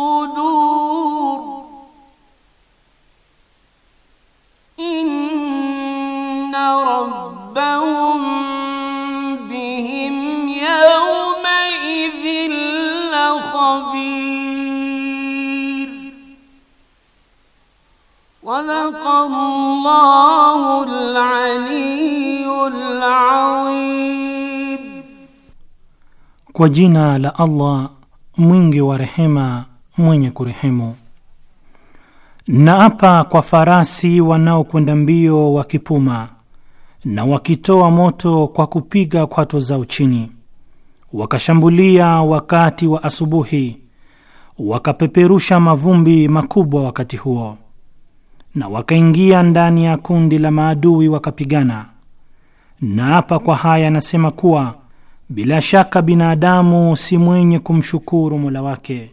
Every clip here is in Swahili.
الصدور إن ربهم بهم يومئذ لخبير صدق الله العلي العظيم kwa jina la allah mwingi wa rehema mwenye kurehemu. Na kwa farasi wanaokwenda mbio wakipuma na wakitoa moto kwa kupiga kwato zao chini, wakashambulia wakati wa asubuhi, wakapeperusha mavumbi makubwa wakati huo, na wakaingia ndani ya kundi la maadui wakapigana. Na hapa kwa haya anasema kuwa bila shaka binadamu si mwenye kumshukuru Mola wake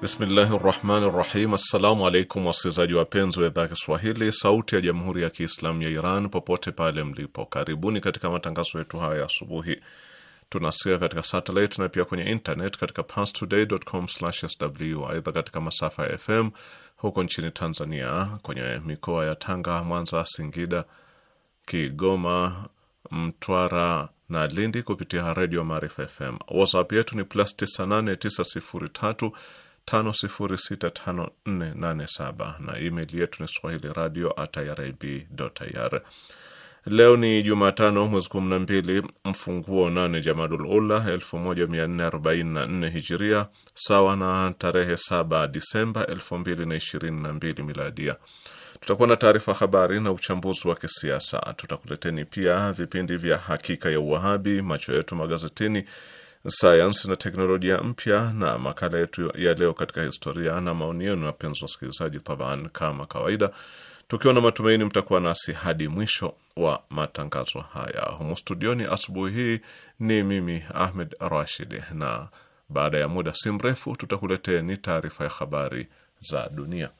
Bismillahi rahmani rahim. Assalamu alaikum wasikilizaji wapenzi wa idhaa ya Kiswahili sauti ya jamhuri ya Kiislamu ya Iran popote pale mlipo, karibuni katika matangazo yetu haya ya asubuhi. Tunasikia katika satelit na pia kwenye internet katika pastodaycom sw Aidha, katika masafa ya FM huko nchini Tanzania kwenye mikoa ya Tanga, Mwanza, Singida, Kigoma, Mtwara na Lindi kupitia redio Maarifa FM. WhatsApp yetu ni plus 989035 5065487 na email yetu ni swahili radio at irib ir. Leo ni Jumatano, mwezi 12 mfunguo 8 Jamadul Ula 1444 Hijiria, sawa na tarehe 7 Disemba 2022 Miladia. Tutakuwa na taarifa habari na uchambuzi wa kisiasa. Tutakuleteni pia vipindi vya Hakika ya Uwahabi, Macho Yetu Magazetini, sayansi na teknolojia mpya na makala yetu ya leo katika historia na maoni yenu, wapenzi wasikilizaji, taban kama kawaida, tukiwa na matumaini mtakuwa nasi hadi mwisho wa matangazo haya. Humu studioni asubuhi hii ni mimi Ahmed Rashid, na baada ya muda si mrefu tutakuleteni taarifa ya habari za dunia.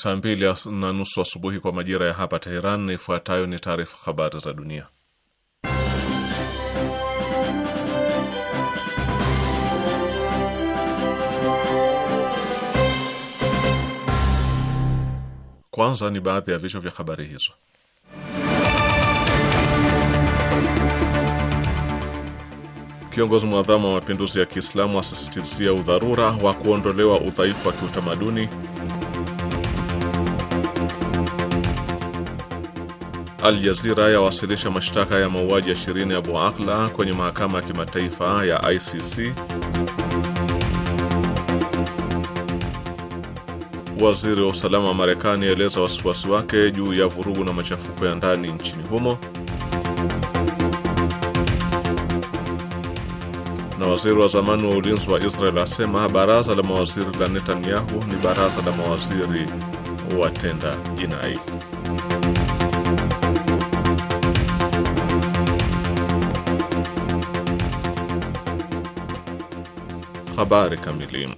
saa mbili na nusu asubuhi kwa majira ya hapa Teheran, na ifuatayo ni taarifa habari za dunia. Kwanza ni baadhi ya vichwa vya habari hizo. Kiongozi mwadhamu wa mapinduzi ya Kiislamu asisitizia udharura wa kuondolewa udhaifu wa kiutamaduni Al Jazira yawasilisha mashtaka ya mauaji ya Shirini Abu Akla kwenye mahakama ya kimataifa ya ICC. Waziri wa usalama wa Marekani aeleza wasiwasi wake juu ya vurugu na machafuko ya ndani nchini humo. Na waziri wa zamani wa ulinzi wa Israel asema baraza la mawaziri la Netanyahu ni baraza la mawaziri watenda jinai. Habari kamili.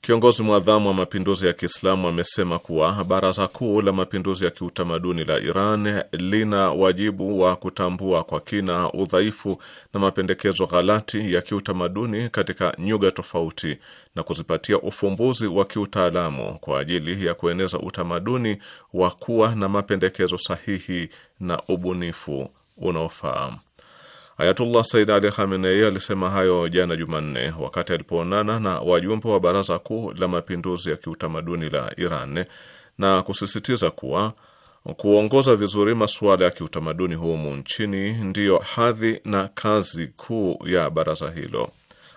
Kiongozi mwadhamu wa mapinduzi ya Kiislamu amesema kuwa Baraza Kuu la Mapinduzi ya Kiutamaduni la Iran lina wajibu wa kutambua kwa kina udhaifu na mapendekezo ghalati ya kiutamaduni katika nyuga tofauti na kuzipatia ufumbuzi wa kiutaalamu kwa ajili ya kueneza utamaduni wa kuwa na mapendekezo sahihi na ubunifu unaofaa. Ayatullah Said Ali Khamenei alisema hayo jana Jumanne wakati alipoonana na wajumbe wa Baraza Kuu la Mapinduzi ya Kiutamaduni la Iran na kusisitiza kuwa kuongoza vizuri masuala ya kiutamaduni humu nchini ndiyo hadhi na kazi kuu ya baraza hilo.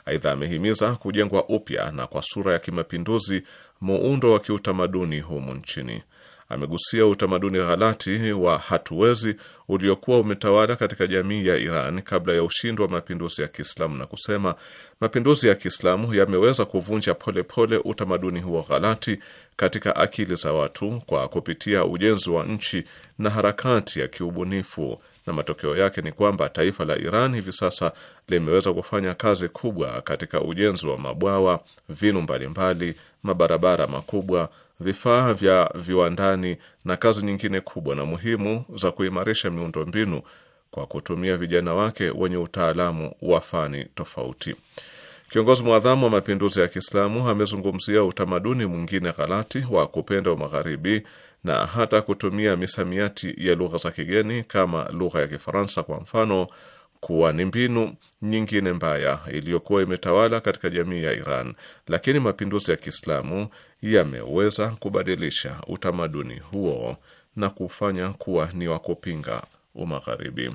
Aidha, amehimiza kujengwa upya na kwa sura ya kimapinduzi muundo wa kiutamaduni humu nchini amegusia utamaduni ghalati wa hatuwezi uliokuwa umetawala katika jamii ya Iran kabla ya ushindi wa mapinduzi ya Kiislamu na kusema mapinduzi ya Kiislamu yameweza kuvunja polepole pole utamaduni huo ghalati katika akili za watu kwa kupitia ujenzi wa nchi na harakati ya kiubunifu na matokeo yake ni kwamba taifa la Iran hivi sasa limeweza kufanya kazi kubwa katika ujenzi wa mabwawa, vinu mbalimbali, mabarabara makubwa vifaa vya viwandani na kazi nyingine kubwa na muhimu za kuimarisha miundombinu kwa kutumia vijana wake wenye utaalamu wa fani tofauti. Kiongozi mwadhamu wa mapinduzi ya Kiislamu amezungumzia utamaduni mwingine ghalati wa kupenda umagharibi na hata kutumia misamiati ya lugha za kigeni kama lugha ya Kifaransa kwa mfano kuwa ni mbinu nyingine mbaya iliyokuwa imetawala katika jamii ya Iran, lakini mapinduzi ya Kiislamu yameweza kubadilisha utamaduni huo na kufanya kuwa ni wa kupinga umagharibi.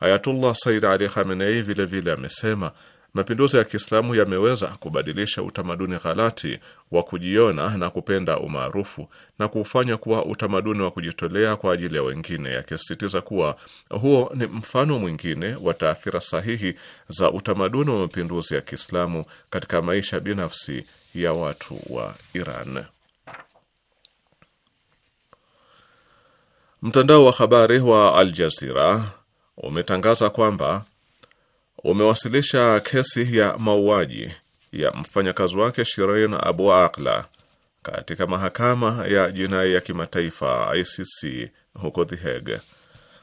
Ayatullah Sayyid Ali Khamenei vilevile amesema vile mapinduzi ya Kiislamu yameweza kubadilisha utamaduni ghalati wa kujiona na kupenda umaarufu na kuufanya kuwa utamaduni wa kujitolea kwa ajili ya wengine, yakisisitiza kuwa huo ni mfano mwingine wa taathira sahihi za utamaduni wa mapinduzi ya Kiislamu katika maisha binafsi ya watu wa Iran. Mtandao wa habari wa Al Jazeera umetangaza kwamba umewasilisha kesi ya mauaji ya mfanyakazi wake Shirin Abu Akla katika mahakama ya jinai ya kimataifa ICC huko The Hague.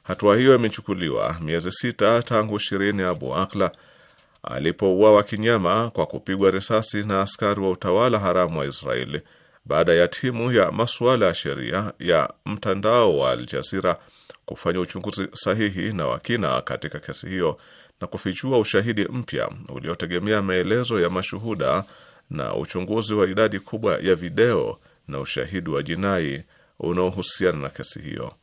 Hatua hiyo imechukuliwa miezi sita tangu Shirin Abu Akla alipouawa kinyama kwa kupigwa risasi na askari wa utawala haramu wa Israeli baada ya timu ya masuala ya sheria ya mtandao wa Aljazira kufanya uchunguzi sahihi na wakina katika kesi hiyo na kufichua ushahidi mpya uliotegemea maelezo ya mashuhuda na uchunguzi wa idadi kubwa ya video na ushahidi wa jinai unaohusiana na kesi hiyo.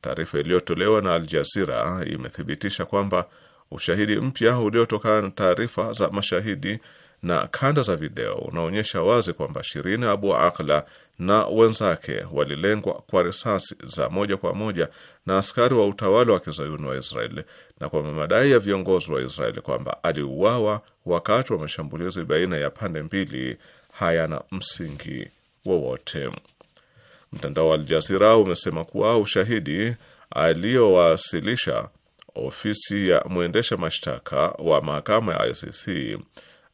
Taarifa iliyotolewa na Al Jazeera imethibitisha kwamba ushahidi mpya uliotokana na taarifa za mashahidi na kanda za video unaonyesha wazi kwamba Shirin Abu Akla na wenzake walilengwa kwa risasi za moja kwa moja na askari wa utawala wa kizayuni wa Israeli na kwa madai ya viongozi wa Israeli kwamba aliuawa wakati wa mashambulizi baina ya pande mbili hayana msingi wowote. Mtandao wa Aljazira umesema kuwa ushahidi aliyowasilisha ofisi ya mwendesha mashtaka wa mahakama ya ICC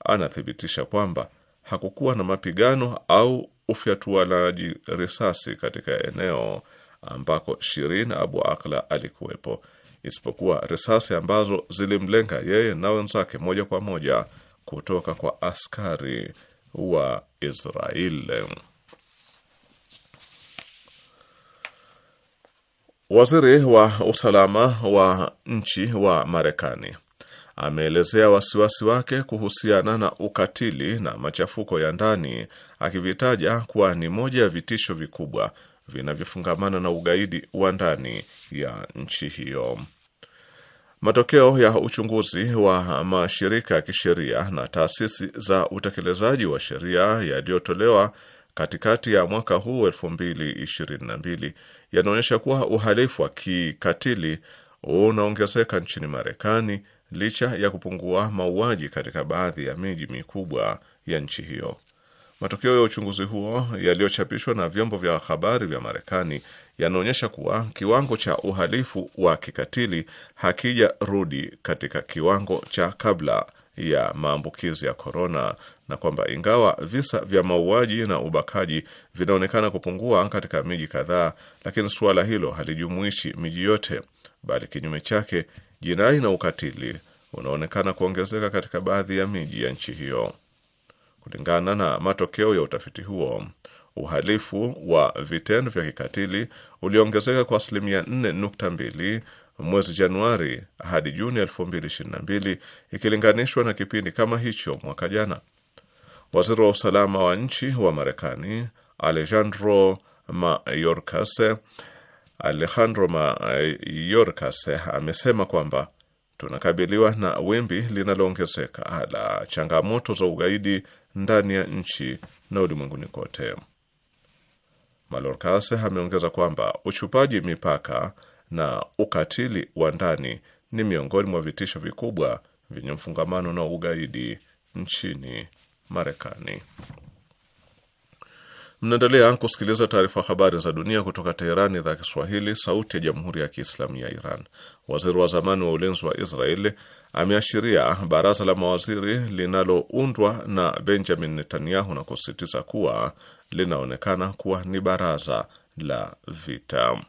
anathibitisha kwamba hakukuwa na mapigano au ufyatuanaji risasi katika eneo ambako Shirin Abu Akla alikuwepo, isipokuwa risasi ambazo zilimlenga yeye na wenzake moja kwa moja kutoka kwa askari wa Israeli. Waziri wa usalama wa nchi wa Marekani ameelezea wasiwasi wake kuhusiana na ukatili na machafuko ya ndani, akivitaja kuwa ni moja ya vitisho vikubwa vinavyofungamana na ugaidi wa ndani ya nchi hiyo. Matokeo ya uchunguzi wa mashirika ya kisheria na taasisi za utekelezaji wa sheria yaliyotolewa katikati ya mwaka huu 2022 yanaonyesha kuwa uhalifu wa kikatili unaongezeka nchini Marekani licha ya kupungua mauaji katika baadhi ya miji mikubwa ya nchi hiyo. Matokeo ya uchunguzi huo yaliyochapishwa na vyombo vya habari vya Marekani yanaonyesha kuwa kiwango cha uhalifu wa kikatili hakijarudi katika kiwango cha kabla ya maambukizi ya korona, na kwamba ingawa visa vya mauaji na ubakaji vinaonekana kupungua katika miji kadhaa, lakini suala hilo halijumuishi miji yote bali kinyume chake jinai na ukatili unaonekana kuongezeka katika baadhi ya miji ya nchi hiyo. Kulingana na matokeo ya utafiti huo, uhalifu wa vitendo vya kikatili uliongezeka kwa asilimia 4.2 mwezi Januari hadi Juni 2022 ikilinganishwa na kipindi kama hicho mwaka jana. Waziri wa usalama wa nchi wa Marekani Alejandro Mayorkas Alejandro Mayorkas amesema kwamba tunakabiliwa na wimbi linaloongezeka la changamoto za ugaidi ndani ya nchi na ulimwenguni kote. Malorkas ameongeza kwamba uchupaji mipaka na ukatili wa ndani ni miongoni mwa vitisho vikubwa vyenye mfungamano na ugaidi nchini Marekani. Mnaendelea kusikiliza taarifa habari za dunia kutoka Teherani, idhaa Kiswahili, sauti ya jamhuri ya kiislamu ya Iran. Waziri wa zamani wa ulinzi wa Israeli ameashiria baraza la mawaziri linaloundwa na Benjamin Netanyahu na kusisitiza kuwa linaonekana kuwa ni baraza la vita.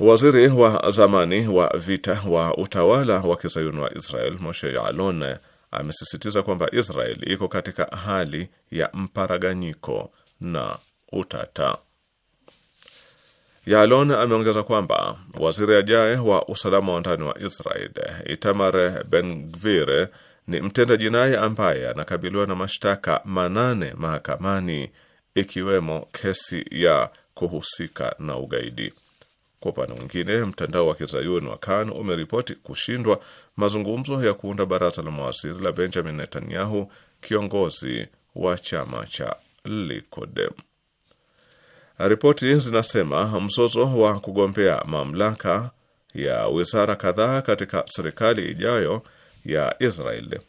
Waziri wa zamani wa vita wa utawala wa kizayuni wa Israel Moshe Yaalon amesisitiza kwamba Israel iko katika hali ya mparaganyiko na utata. Yalon ameongeza kwamba waziri ajaye wa usalama wa ndani wa Israel Itamar Ben-Gvir ni mtenda jinai ambaye anakabiliwa na mashtaka manane mahakamani ikiwemo kesi ya kuhusika na ugaidi. Kwa upande mwingine, mtandao wa kizayuni wa Kan umeripoti kushindwa mazungumzo ya kuunda baraza la mawaziri la Benjamin Netanyahu, kiongozi wa chama cha Likud. Ripoti zinasema mzozo wa kugombea mamlaka ya wizara kadhaa katika serikali ijayo ya israel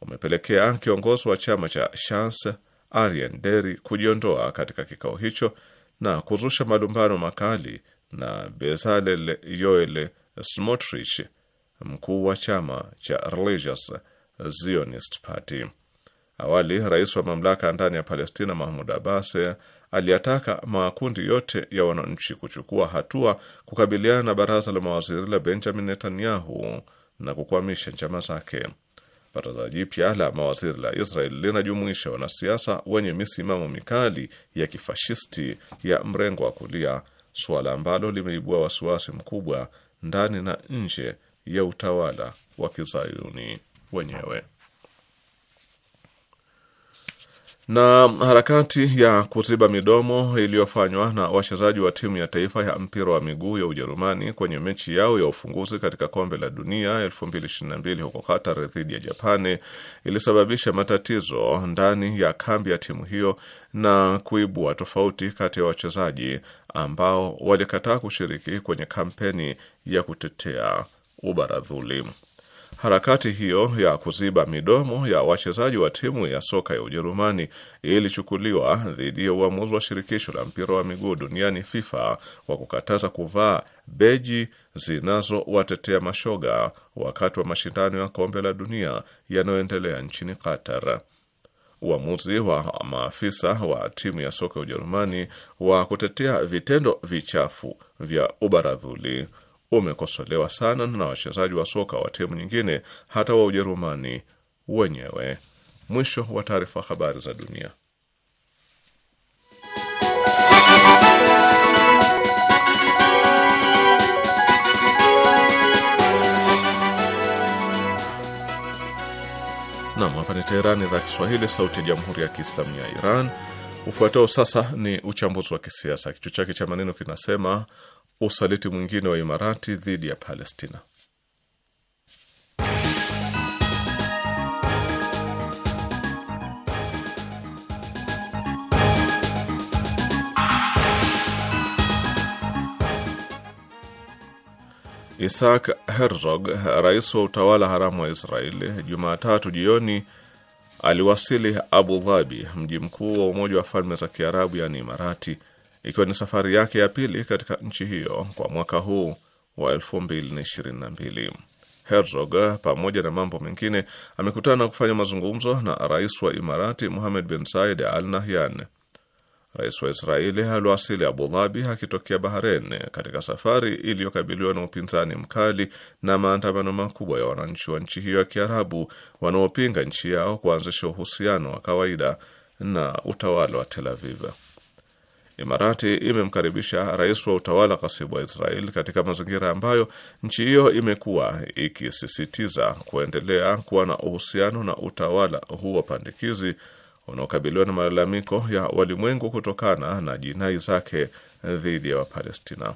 umepelekea kiongozi wa chama cha Shas Arien Deri kujiondoa katika kikao hicho na kuzusha malumbano makali na Bezalel Yoel Smotrich mkuu wa chama cha Religious Zionist Party. Awali rais wa mamlaka ndani ya Palestina Mahmud Abbas aliyataka makundi yote ya wananchi kuchukua hatua kukabiliana na baraza la mawaziri la Benjamin Netanyahu na kukwamisha njama zake. Baraza jipya la mawaziri la Israel linajumuisha wanasiasa wenye misimamo mikali ya kifashisti ya mrengo wa kulia, suala ambalo limeibua wasiwasi mkubwa ndani na nje ya utawala wa kizayuni wenyewe. Na harakati ya kuziba midomo iliyofanywa na wachezaji wa timu ya taifa ya mpira wa miguu ya Ujerumani kwenye mechi yao ya ufunguzi katika kombe la dunia 2022 huko Qatar dhidi ya Japani ilisababisha matatizo ndani ya kambi ya timu hiyo na kuibua tofauti kati ya wachezaji ambao walikataa kushiriki kwenye kampeni ya kutetea ubaradhuli. Harakati hiyo ya kuziba midomo ya wachezaji wa timu ya soka ya Ujerumani ilichukuliwa dhidi ya uamuzi wa shirikisho la mpira wa miguu duniani FIFA wa kukataza kuvaa beji zinazowatetea mashoga wakati wa mashindano ya kombe la dunia yanayoendelea nchini Qatar. Uamuzi wa maafisa wa timu ya soka ya Ujerumani wa kutetea vitendo vichafu vya ubaradhuli umekosolewa sana na wachezaji wa soka wa timu nyingine, hata wa Ujerumani wenyewe. Mwisho wa taarifa. Habari za dunia. Nam, hapa ni Teherani, idhaa Kiswahili, sauti ya jamhuri ya kiislamu ya Iran. Ufuatao sasa ni uchambuzi wa kisiasa, kichwa chake cha maneno kinasema usaliti mwingine wa Imarati dhidi ya Palestina. Isaac Herzog, rais wa utawala haramu wa Israeli, Jumatatu jioni aliwasili Abu Dhabi, mji mkuu wa Umoja wa Falme za Kiarabu, yaani Imarati, ikiwa ni safari yake ya pili katika nchi hiyo kwa mwaka huu wa 2022. Herzog pamoja na mambo mengine amekutana na kufanya mazungumzo na rais wa Imarati muhamed bin Zayed Al Nahyan. Rais wa Israeli aliwasili Abu Dhabi akitokea Bahrein katika safari iliyokabiliwa na upinzani mkali na maandamano makubwa ya wananchi wa nchi hiyo ya Kiarabu wanaopinga nchi yao kuanzisha uhusiano wa kawaida na utawala wa Tel Aviv. Imarati imemkaribisha rais wa utawala ghasibu wa Israel katika mazingira ambayo nchi hiyo imekuwa ikisisitiza kuendelea kuwa na uhusiano na utawala huu wa pandikizi unaokabiliwa na malalamiko ya walimwengu kutokana na jinai zake dhidi ya Wapalestina.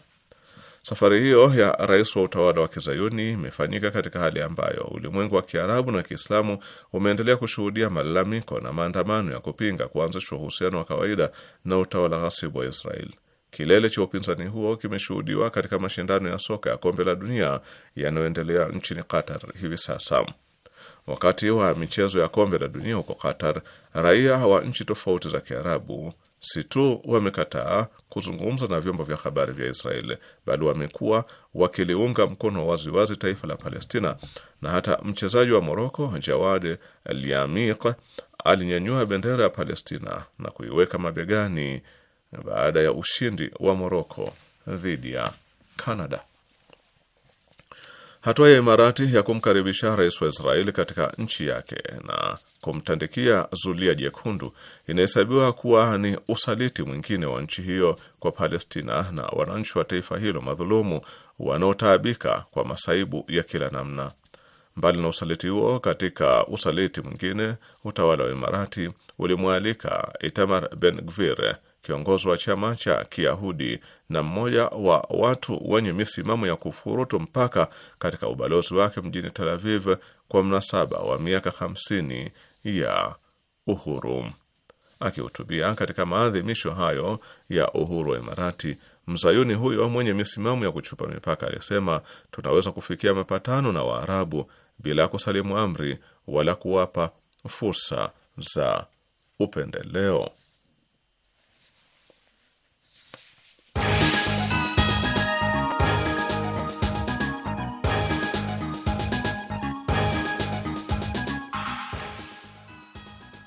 Safari hiyo ya rais wa utawala wa kizayuni imefanyika katika hali ambayo ulimwengu wa Kiarabu na Kiislamu umeendelea kushuhudia malalamiko na maandamano ya kupinga kuanzishwa uhusiano wa kawaida na utawala ghasibu wa Israel. Kilele cha upinzani huo kimeshuhudiwa katika mashindano ya soka ya kombe la dunia yanayoendelea nchini Qatar hivi sasa. Wakati wa michezo ya kombe la dunia huko Qatar, raia wa nchi tofauti za Kiarabu si tu wamekataa kuzungumza na vyombo vya habari vya Israeli bali wamekuwa wakiliunga mkono waziwazi wazi taifa la Palestina, na hata mchezaji wa Moroko Jawad Liamiq alinyanyua bendera ya Palestina na kuiweka mabegani baada ya ushindi wa Moroko dhidi ya Canada. Hatua ya Imarati ya kumkaribisha rais wa Israeli katika nchi yake na kumtandikia zulia jekundu inahesabiwa kuwa ni usaliti mwingine wa nchi hiyo kwa Palestina na wananchi wa taifa hilo madhulumu wanaotaabika kwa masaibu ya kila namna. Mbali na usaliti huo, katika usaliti mwingine utawala wa Imarati ulimwalika Itamar Ben Gvir, kiongozi wa chama cha Kiyahudi na mmoja wa watu wenye misimamo ya kufurutu mpaka, katika ubalozi wake mjini Tel Aviv kwa mnasaba wa miaka 50 ya uhuru. Akihutubia katika maadhimisho hayo ya uhuru wa Imarati, mzayuni huyo mwenye misimamo ya kuchupa mipaka alisema, tunaweza kufikia mapatano na Waarabu bila kusalimu amri wala kuwapa fursa za upendeleo.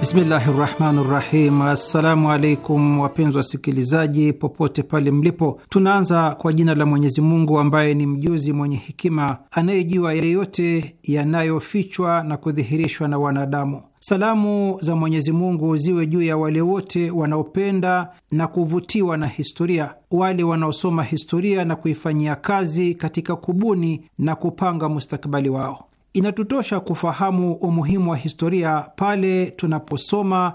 Bismillahi rahmani rahim. Assalamu alaikum wapenzi wasikilizaji popote pale mlipo, tunaanza kwa jina la Mwenyezi Mungu ambaye ni mjuzi mwenye hekima, anayejua yeyote yanayofichwa na kudhihirishwa na wanadamu. Salamu za Mwenyezi Mungu ziwe juu ya wale wote wanaopenda na kuvutiwa na historia, wale wanaosoma historia na kuifanyia kazi katika kubuni na kupanga mustakabali wao inatutosha kufahamu umuhimu wa historia pale tunaposoma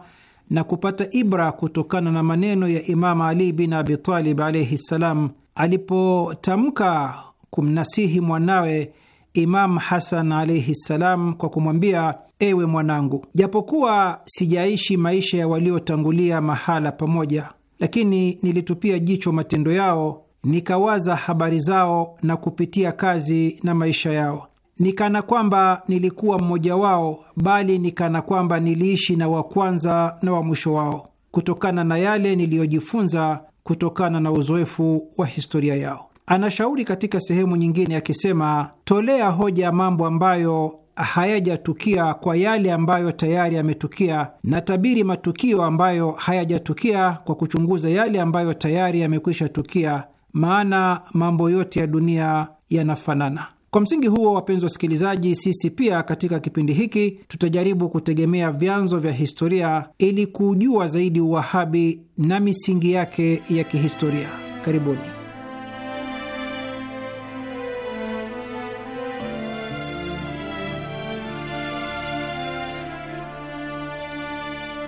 na kupata ibra kutokana na maneno ya Imamu Ali bin Abi Talib alaihi ssalam alipotamka kumnasihi mwanawe Imamu Hasan alaihi ssalam kwa kumwambia Ewe mwanangu, japokuwa sijaishi maisha ya waliotangulia mahala pamoja, lakini nilitupia jicho matendo yao, nikawaza habari zao na kupitia kazi na maisha yao ni kana kwamba nilikuwa mmoja wao, bali ni kana kwamba niliishi na wa kwanza na wa mwisho wao, kutokana na yale niliyojifunza kutokana na uzoefu wa historia yao. Anashauri katika sehemu nyingine akisema, tolea hoja mambo ambayo hayajatukia kwa yale ambayo tayari yametukia, na tabiri matukio ambayo hayajatukia kwa kuchunguza yale ambayo tayari yamekwisha tukia, maana mambo yote ya dunia yanafanana. Kwa msingi huo, wapenzi wasikilizaji, sisi pia katika kipindi hiki tutajaribu kutegemea vyanzo vya historia ili kujua zaidi Uwahabi na misingi yake ya kihistoria. Karibuni.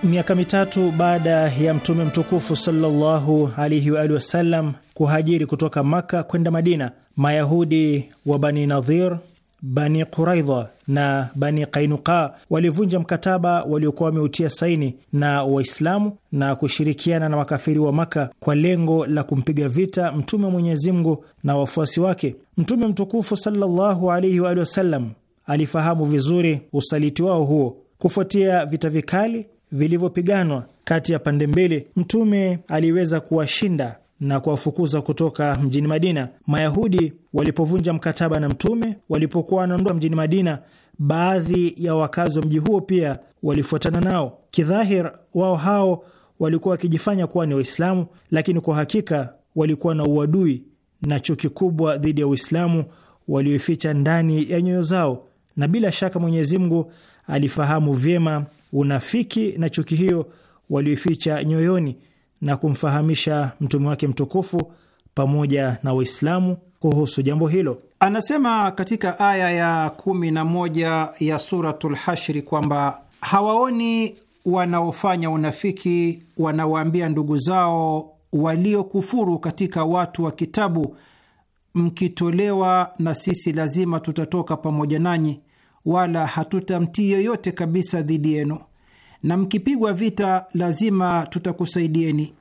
Miaka mitatu baada ya Mtume mtukufu sallallahu alaihi wa alihi wasallam kuhajiri kutoka Makka kwenda Madina, Mayahudi wa Bani Nadhir, Bani Quraidha na Bani Qainuqa walivunja mkataba waliokuwa wameutia saini na Waislamu na kushirikiana na makafiri wa Maka kwa lengo la kumpiga vita Mtume wa Mwenyezi Mungu na wafuasi wake. Mtume mtukufu sallallahu alaihi wa wasallam alifahamu vizuri usaliti wao huo. Kufuatia vita vikali vilivyopiganwa kati ya pande mbili, Mtume aliweza kuwashinda na kuwafukuza kutoka mjini Madina. Mayahudi walipovunja mkataba na Mtume walipokuwa wanaondoka mjini Madina, baadhi ya wakazi wa mji huo pia walifuatana nao. Kidhahir, wao hao walikuwa wakijifanya kuwa ni Waislamu, lakini kwa hakika walikuwa na uadui na chuki kubwa dhidi ya Uislamu walioificha ndani ya nyoyo zao, na bila shaka Mwenyezi Mungu alifahamu vyema unafiki na chuki hiyo walioificha nyoyoni na kumfahamisha mtume wake mtukufu pamoja na Waislamu kuhusu jambo hilo. Anasema katika aya ya kumi na moja ya Suratul Hashri kwamba hawaoni wanaofanya unafiki wanawaambia ndugu zao waliokufuru katika watu wa Kitabu, mkitolewa na sisi lazima tutatoka pamoja nanyi, wala hatutamtii yoyote kabisa dhidi yenu na mkipigwa vita lazima tutakusaidieni,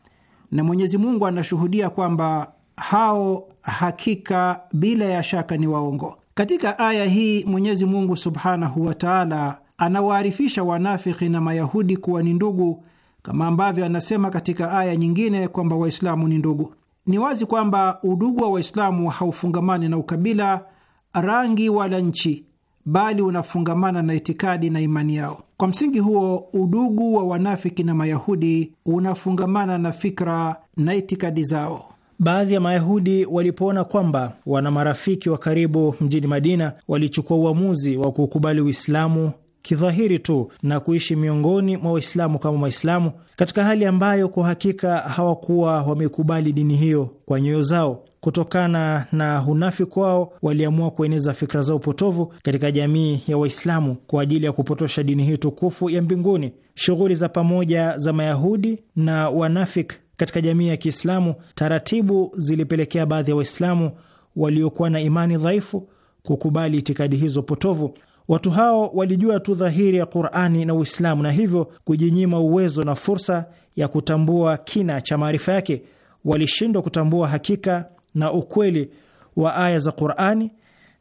na Mwenyezi Mungu anashuhudia kwamba hao hakika bila ya shaka ni waongo. Katika aya hii Mwenyezi Mungu subhanahu wa taala anawaarifisha wanafiki na Mayahudi kuwa ni ndugu, kama ambavyo anasema katika aya nyingine kwamba Waislamu ni ndugu. Ni wazi kwamba udugu wa Waislamu haufungamani na ukabila, rangi wala nchi bali unafungamana na itikadi na imani yao. Kwa msingi huo, udugu wa wanafiki na Mayahudi unafungamana na fikra na itikadi zao. Baadhi ya Mayahudi walipoona kwamba wana marafiki wa karibu mjini Madina, walichukua uamuzi wa kukubali Uislamu kidhahiri tu na kuishi miongoni mwa Waislamu kama Waislamu, katika hali ambayo kwa hakika hawakuwa wamekubali dini hiyo kwa nyoyo zao kutokana na unafiki wao waliamua kueneza fikra zao potovu katika jamii ya Waislamu kwa ajili ya kupotosha dini hii tukufu ya mbinguni. Shughuli za pamoja za Mayahudi na wanafik katika jamii ya Kiislamu taratibu zilipelekea baadhi ya Waislamu waliokuwa na imani dhaifu kukubali itikadi hizo potovu. Watu hao walijua tu dhahiri ya Qur'ani na Uislamu na hivyo kujinyima uwezo na fursa ya kutambua kina cha maarifa yake. Walishindwa kutambua hakika na ukweli wa aya za Qur'ani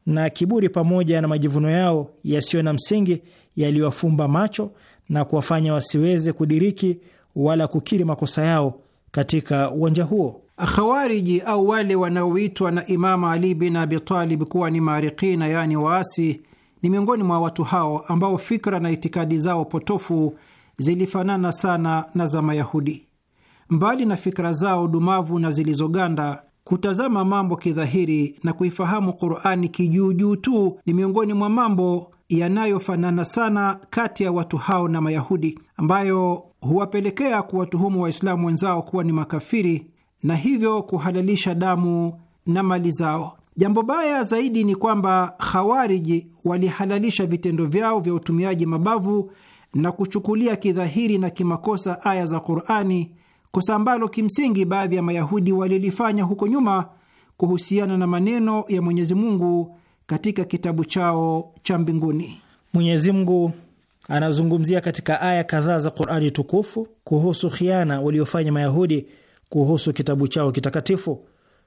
na kiburi pamoja na majivuno yao yasiyo na msingi yaliwafumba macho na kuwafanya wasiweze kudiriki wala kukiri makosa yao katika uwanja huo. Khawariji au wale wanaoitwa na Imamu Ali bin Abi Talib kuwa ni maarikina, yaani waasi, ni miongoni mwa watu hao ambao fikra na itikadi zao potofu zilifanana sana na za Mayahudi. Mbali na fikra zao dumavu na zilizoganda Kutazama mambo kidhahiri na kuifahamu Qur'ani kijuujuu tu ni miongoni mwa mambo yanayofanana sana kati ya watu hao na Mayahudi, ambayo huwapelekea kuwatuhumu Waislamu wenzao kuwa ni makafiri na hivyo kuhalalisha damu na mali zao. Jambo baya zaidi ni kwamba Khawariji walihalalisha vitendo vyao vya utumiaji mabavu na kuchukulia kidhahiri na kimakosa aya za Qur'ani kosa ambalo kimsingi baadhi ya Mayahudi walilifanya huko nyuma kuhusiana na maneno ya Mwenyezi Mungu katika kitabu chao cha mbinguni. Mwenyezi Mungu anazungumzia katika aya kadhaa za Qur'ani tukufu kuhusu khiana waliofanya Mayahudi kuhusu kitabu chao kitakatifu.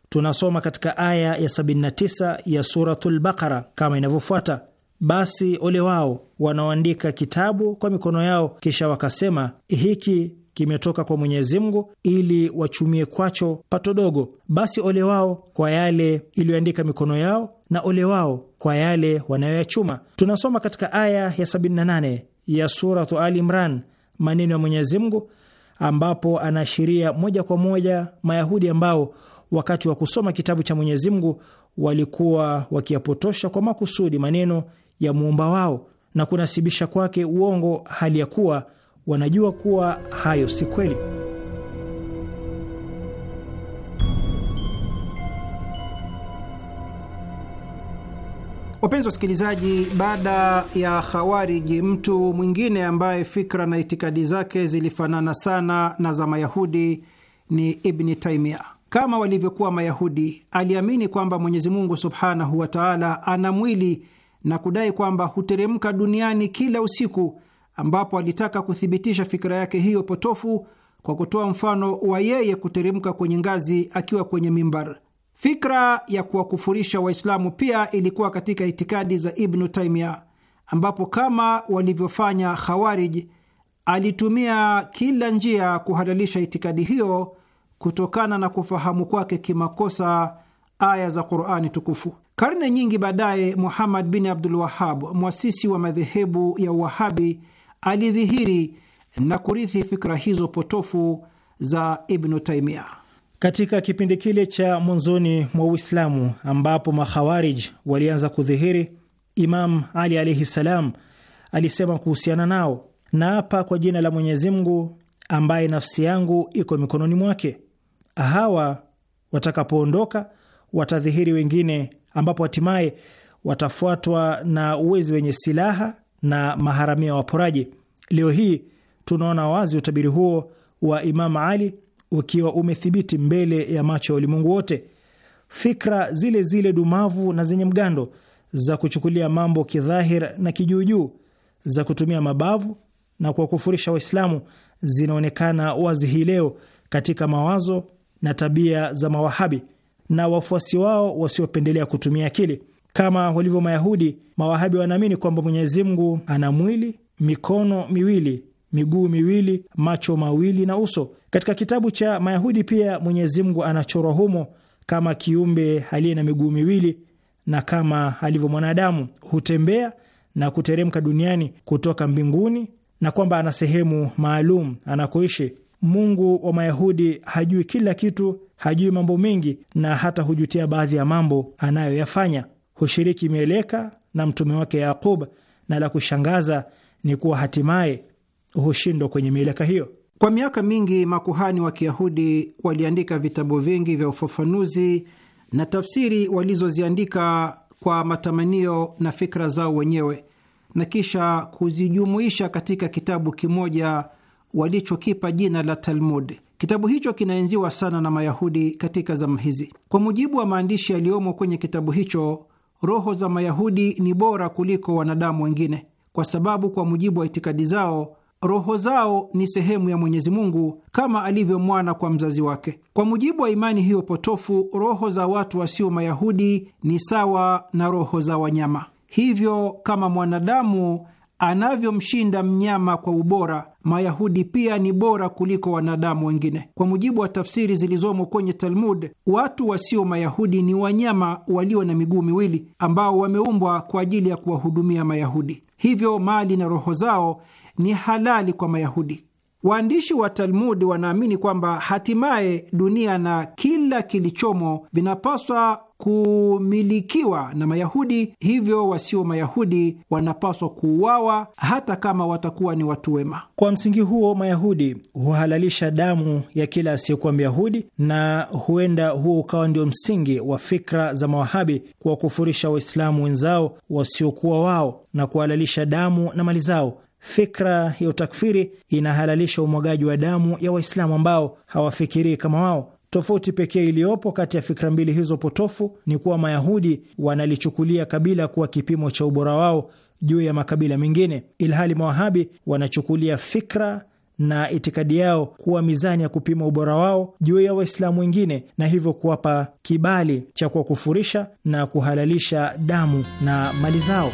Tunasoma katika aya ya 79 ya suratul Baqara kama inavyofuata: basi ole wao wanaoandika kitabu kwa mikono yao, kisha wakasema hiki kimetoka kwa Mwenyezi Mungu ili wachumie kwacho pato dogo, basi ole wao kwa yale iliyoandika mikono yao na ole wao kwa yale wanayoyachuma. Tunasoma katika aya ya 78 ya suratu Ali Imran maneno ya Mwenyezi Mungu ambapo anaashiria moja kwa moja Mayahudi ambao wakati wa kusoma kitabu cha Mwenyezi Mungu walikuwa wakiyapotosha kwa makusudi maneno ya muumba wao na kunasibisha kwake uongo hali ya kuwa wanajua kuwa hayo si kweli. Wapenzi wasikilizaji, baada ya Khawariji, mtu mwingine ambaye fikra na itikadi zake zilifanana sana na za Mayahudi ni Ibni Taimia. Kama walivyokuwa Mayahudi, aliamini kwamba Mwenyezi Mungu subhanahu wa taala ana mwili na kudai kwamba huteremka duniani kila usiku ambapo alitaka kuthibitisha fikira yake hiyo potofu kwa kutoa mfano wa yeye kuteremka kwenye ngazi akiwa kwenye mimbar. Fikra ya kuwakufurisha Waislamu pia ilikuwa katika itikadi za Ibnu Taimia, ambapo kama walivyofanya Khawarij, alitumia kila njia kuhalalisha itikadi hiyo kutokana na kufahamu kwake kimakosa aya za Qurani tukufu. Karne nyingi baadaye, Muhammad bin Abdul Wahab, mwasisi wa madhehebu ya Uwahabi, alidhihiri na kurithi fikra hizo potofu za Ibnu Taimia katika kipindi kile cha mwanzoni mwa Uislamu ambapo makhawarij walianza kudhihiri. Imam Ali alaihi salam alisema kuhusiana nao, naapa kwa jina la Mwenyezi Mungu ambaye nafsi yangu iko mikononi mwake, hawa watakapoondoka watadhihiri wengine, ambapo hatimaye watafuatwa na uwezi wenye silaha na maharamia waporaji. Leo hii tunaona wazi utabiri huo wa Imam Ali ukiwa umethibiti mbele ya macho ya ulimwengu wote. Fikra zile zile dumavu na zenye mgando za kuchukulia mambo kidhahir na kijuujuu, za kutumia mabavu na kuwakufurisha Waislamu zinaonekana wazi hii leo katika mawazo na tabia za mawahabi na wafuasi wao wasiopendelea kutumia akili. Kama walivyo Mayahudi, Mawahabi wanaamini kwamba Mwenyezi Mungu ana mwili, mikono miwili, miguu miwili, macho mawili na uso. Katika kitabu cha Mayahudi pia Mwenyezi Mungu anachorwa humo kama kiumbe aliye na miguu miwili na kama alivyo mwanadamu, hutembea na kuteremka duniani kutoka mbinguni na kwamba ana sehemu maalum anakoishi. Mungu wa Mayahudi hajui kila kitu, hajui mambo mengi, na hata hujutia baadhi ya mambo anayoyafanya hushiriki mieleka na mtume wake Yaqub, na la kushangaza ni kuwa hatimaye hushindwa kwenye mieleka hiyo. Kwa miaka mingi makuhani wa Kiyahudi waliandika vitabu vingi vya ufafanuzi na tafsiri walizoziandika kwa matamanio na fikra zao wenyewe na kisha kuzijumuisha katika kitabu kimoja walichokipa jina la Talmud. Kitabu hicho kinaenziwa sana na Mayahudi katika zama hizi. Kwa mujibu wa maandishi yaliyomo kwenye kitabu hicho, roho za Mayahudi ni bora kuliko wanadamu wengine, kwa sababu kwa mujibu wa itikadi zao roho zao ni sehemu ya Mwenyezi Mungu kama alivyo mwana kwa mzazi wake. Kwa mujibu wa imani hiyo potofu, roho za watu wasio Mayahudi ni sawa na roho za wanyama. Hivyo kama mwanadamu anavyomshinda mnyama kwa ubora, Mayahudi pia ni bora kuliko wanadamu wengine. Kwa mujibu wa tafsiri zilizomo kwenye Talmud, watu wasio Mayahudi ni wanyama walio na miguu miwili ambao wameumbwa kwa ajili ya kuwahudumia Mayahudi, hivyo mali na roho zao ni halali kwa Mayahudi. Waandishi wa Talmud wanaamini kwamba hatimaye dunia na kila kilichomo vinapaswa kumilikiwa na Mayahudi, hivyo wasio Mayahudi wanapaswa kuuawa hata kama watakuwa ni watu wema. Kwa msingi huo, Mayahudi huhalalisha damu ya kila asiyekuwa Myahudi, na huenda huo ukawa ndio msingi wa fikra za Mawahabi kwa kufurisha Waislamu wenzao wasiokuwa wao na kuhalalisha damu na mali zao. Fikra ya utakfiri inahalalisha umwagaji wa damu ya Waislamu ambao hawafikirii kama wao. Tofauti pekee iliyopo kati ya fikra mbili hizo potofu ni kuwa Mayahudi wanalichukulia kabila kuwa kipimo cha ubora wao juu ya makabila mengine, ilhali Mawahabi wanachukulia fikra na itikadi yao kuwa mizani ya kupima ubora wao juu ya Waislamu wengine na hivyo kuwapa kibali cha kuwakufurisha na kuhalalisha damu na mali zao.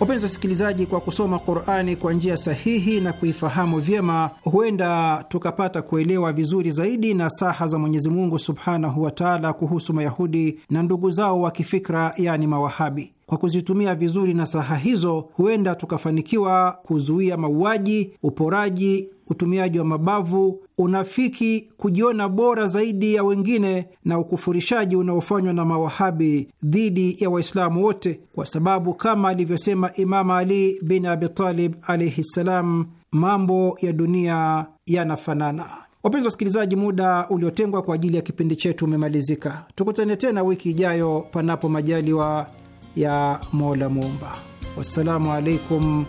Wapenzi wasikilizaji, kwa kusoma Qurani kwa njia sahihi na kuifahamu vyema, huenda tukapata kuelewa vizuri zaidi na saha za Mwenyezi Mungu subhanahu wa taala kuhusu Mayahudi na ndugu zao wa kifikra, yani Mawahabi. Kwa kuzitumia vizuri nasaha hizo, huenda tukafanikiwa kuzuia mauaji, uporaji, utumiaji wa mabavu, unafiki, kujiona bora zaidi ya wengine na ukufurishaji unaofanywa na mawahabi dhidi ya Waislamu wote, kwa sababu kama alivyosema Imamu Ali bin Abitalib alaihi ssalam, mambo ya dunia yanafanana. Wapenzi wasikilizaji, muda uliotengwa kwa ajili ya kipindi chetu umemalizika. Tukutane tena wiki ijayo, panapo majaliwa ya Mola Muumba. Wassalamu alaikum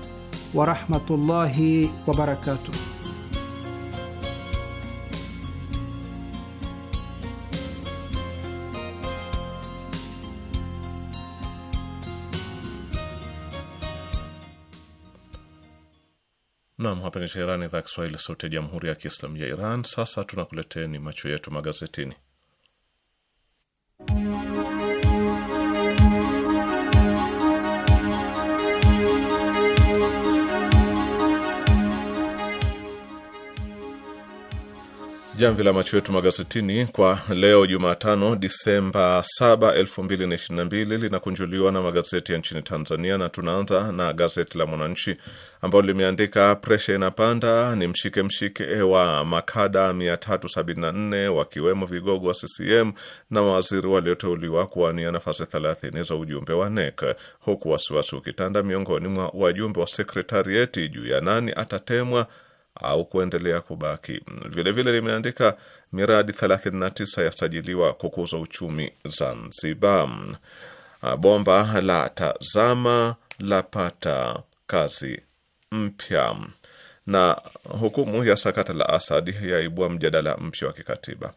warahmatullahi wabarakatuh. Nam, hapa ni Teherani, idhaa Kiswahili, sauti ya jamhuri ya kiislamu ya Iran. Sasa tunakuleteni macho yetu magazetini. Jamvi la macho yetu magazetini kwa leo Jumatano, Disemba 7, 2022 linakunjuliwa na magazeti ya nchini Tanzania, na tunaanza na gazeti la Mwananchi ambalo limeandika presha inapanda, ni mshike mshike wa makada 374 wakiwemo vigogo wa CCM na mawaziri walioteuliwa kuwania nafasi 30 za ujumbe wa NEC, huku wasiwasi ukitanda miongoni mwa wajumbe wa sekretarieti juu ya nani atatemwa au kuendelea kubaki. Vilevile limeandika miradi 39 yasajiliwa kukuza uchumi Zanzibar. Bomba la Tazama lapata kazi mpya, na hukumu ya sakata la Asadi yaibua mjadala mpya wa kikatiba.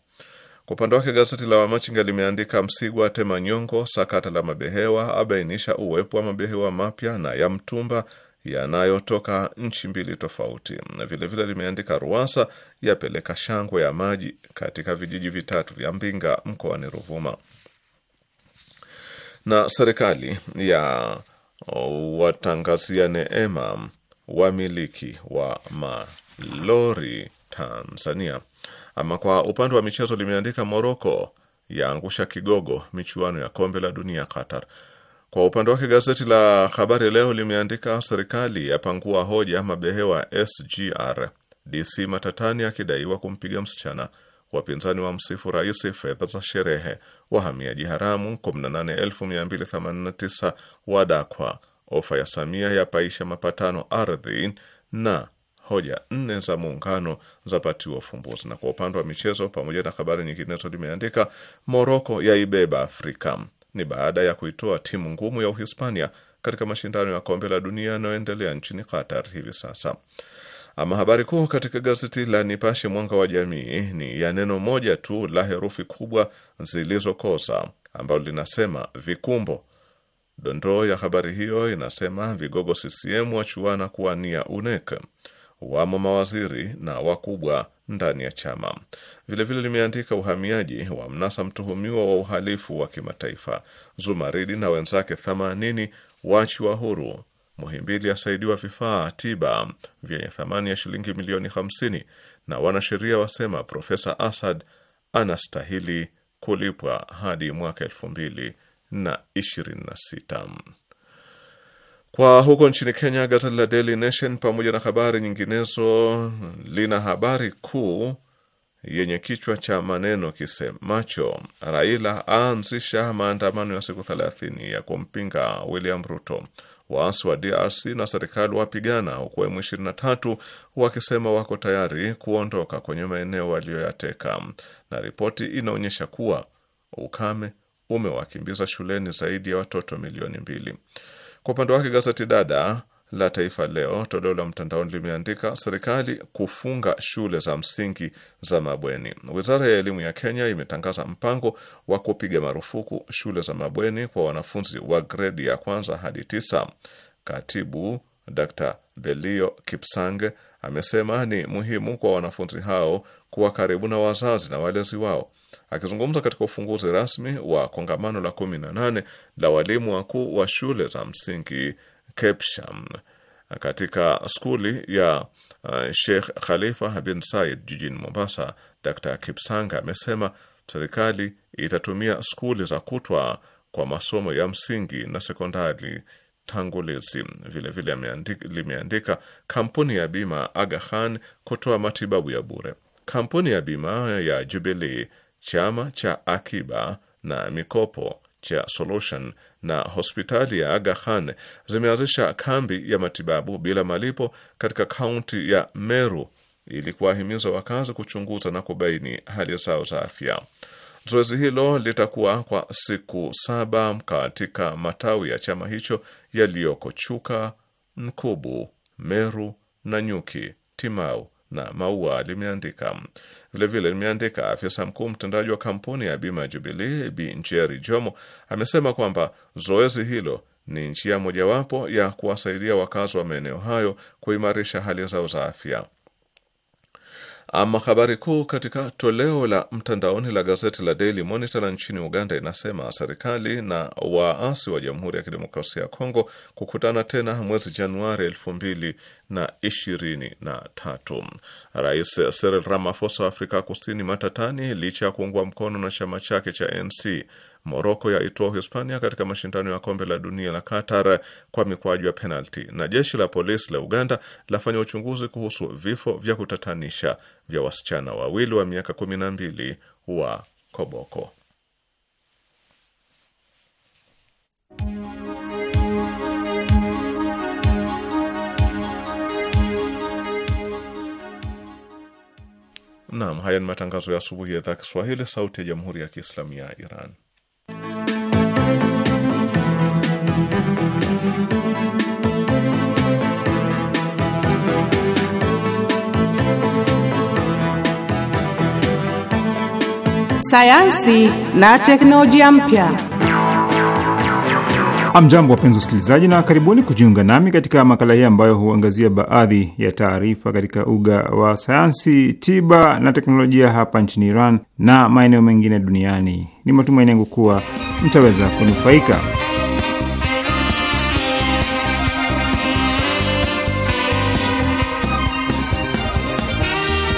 Kwa upande wake gazeti la Wamachinga limeandika Msigwa tema nyongo, sakata la mabehewa abainisha uwepo wa mabehewa mapya na ya mtumba yanayotoka nchi mbili tofauti. Na vile vile limeandika ruasa yapeleka shangwe ya maji katika vijiji vitatu vya Mbinga mkoani Ruvuma. Na serikali ya watangazia neema wamiliki wa malori Tanzania. Ama kwa upande wa michezo limeandika Moroko yaangusha kigogo michuano ya kombe la dunia Qatar. Kwa upande wake gazeti la Habari Leo limeandika serikali yapangua hoja mabehewa SGR, DC matatani akidaiwa kumpiga msichana, wapinzani wa msifu rais, fedha za sherehe, wahamiaji haramu 18289 wadakwa, ofa ya Samia yapaisha mapatano ardhi, na hoja nne za muungano zapatiwa ufumbuzi. Na kwa upande wa michezo pamoja na habari nyinginezo limeandika Moroko yaibeba Afrika ni baada ya kuitoa timu ngumu ya Uhispania katika mashindano ya kombe la dunia yanayoendelea nchini Qatar hivi sasa. Ama habari kuu katika gazeti la Nipashe Mwanga wa Jamii ni ya neno moja tu la herufi kubwa zilizokosa ambalo linasema vikumbo. Dondoo ya habari hiyo inasema vigogo CCM wachuana kuwania UNEK wamo mawaziri na wakubwa ndani ya chama. Vilevile limeandika uhamiaji wa mnasa mtuhumiwa wa uhalifu wa kimataifa Zumaridi na wenzake 80 wa huru. Muhimbili asaidiwa vifaa tiba vyenye thamani ya shilingi milioni 50, na wanasheria wasema Profesa Asad anastahili kulipwa hadi mwaka sita. Kwa huko nchini Kenya, gazeti la Daily Nation pamoja na habari nyinginezo lina habari kuu yenye kichwa cha maneno kisemacho Raila aanzisha maandamano ya siku 30 ya kumpinga William Ruto, waasi wa DRC na serikali wapigana, huku M23 wakisema wako tayari kuondoka kwenye maeneo waliyoyateka, na ripoti inaonyesha kuwa ukame umewakimbiza shuleni zaidi ya watoto milioni mbili. Kwa upande wake gazeti dada la Taifa Leo toleo la mtandaoni limeandika serikali kufunga shule za msingi za mabweni. Wizara ya elimu ya Kenya imetangaza mpango wa kupiga marufuku shule za mabweni kwa wanafunzi wa gredi ya kwanza hadi tisa. Katibu Dr Belio Kipsang amesema ni muhimu kwa wanafunzi hao kuwa karibu na wazazi na walezi wao. Akizungumza katika ufunguzi rasmi wa kongamano la 18 la walimu wakuu wa shule za msingi Kepsham katika skuli ya uh, Sheikh Khalifa bin Said jijini Mombasa, Dr. Kipsanga amesema serikali itatumia skuli za kutwa kwa masomo ya msingi na sekondari tangulizi. Vilevile limeandika kampuni ya bima Aga Khan kutoa matibabu ya bure. Kampuni ya bima ya Jubilee chama cha akiba na mikopo cha Solution na hospitali ya Aga Khan zimeanzisha kambi ya matibabu bila malipo katika kaunti ya Meru ili kuwahimiza wakazi kuchunguza na kubaini hali zao za afya. Zoezi hilo litakuwa kwa siku saba katika matawi ya chama hicho yaliyoko Chuka, Nkubu, Meru, Nanyuki, Timau na maua limeandika. Vilevile limeandika afisa mkuu mtendaji wa kampuni ya bima ya Jubilee Bi Njeri Jomo amesema kwamba zoezi hilo ni njia mojawapo ya kuwasaidia wakazi wa maeneo hayo kuimarisha hali zao za afya. Ama habari kuu katika toleo la mtandaoni la gazeti la Daily Monitor la nchini Uganda inasema serikali na waasi wa Jamhuri ya Kidemokrasia ya Kongo kukutana tena mwezi Januari elfu mbili na ishirini na tatu. Rais Cyril Ramaphosa wa Afrika Kusini matatani licha ya kuungwa mkono na chama chake cha NC Moroko yaitoa Uhispania katika mashindano ya kombe la dunia la Qatar kwa mikwaju ya penalti, na jeshi la polisi la Uganda lafanya uchunguzi kuhusu vifo vya kutatanisha vya wasichana wawili wa miaka kumi na mbili wa Koboko. Naam, haya ni matangazo ya asubuhi ya idhaa Kiswahili, sauti ya jamhuri ya kiislamu ya Iran. sayansi na teknolojia mpya. Amjambo, wapenzi wasikilizaji, na karibuni kujiunga nami katika makala hii ambayo huangazia baadhi ya taarifa katika uga wa sayansi, tiba na teknolojia hapa nchini Iran na maeneo mengine duniani. Ni matumaini yangu kuwa mtaweza kunufaika.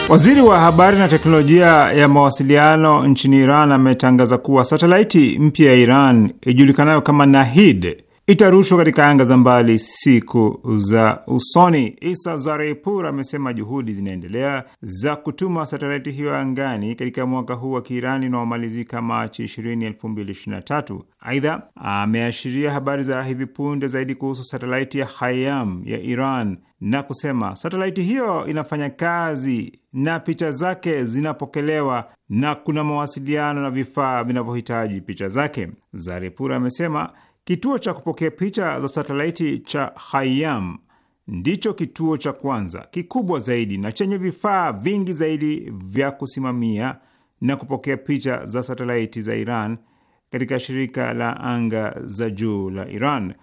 Waziri wa habari na teknolojia ya mawasiliano nchini Iran ametangaza kuwa satelaiti mpya ya Iran ijulikanayo kama Nahid itarushwa katika anga za mbali siku za usoni. Isa Zarepour amesema juhudi zinaendelea za kutuma satelaiti hiyo angani katika mwaka huu wa Kiirani unaomalizika Machi 20, 2023. Aidha, ameashiria habari za hivi punde zaidi kuhusu satelaiti ya Hayam ya Iran na kusema satelaiti hiyo inafanya kazi na picha zake zinapokelewa na kuna mawasiliano na vifaa vinavyohitaji picha zake. Zarepura amesema Kituo cha kupokea picha za satelaiti cha Hayam ndicho kituo cha kwanza kikubwa zaidi na chenye vifaa vingi zaidi vya kusimamia na kupokea picha za satelaiti za Iran katika shirika la anga za juu la Iran.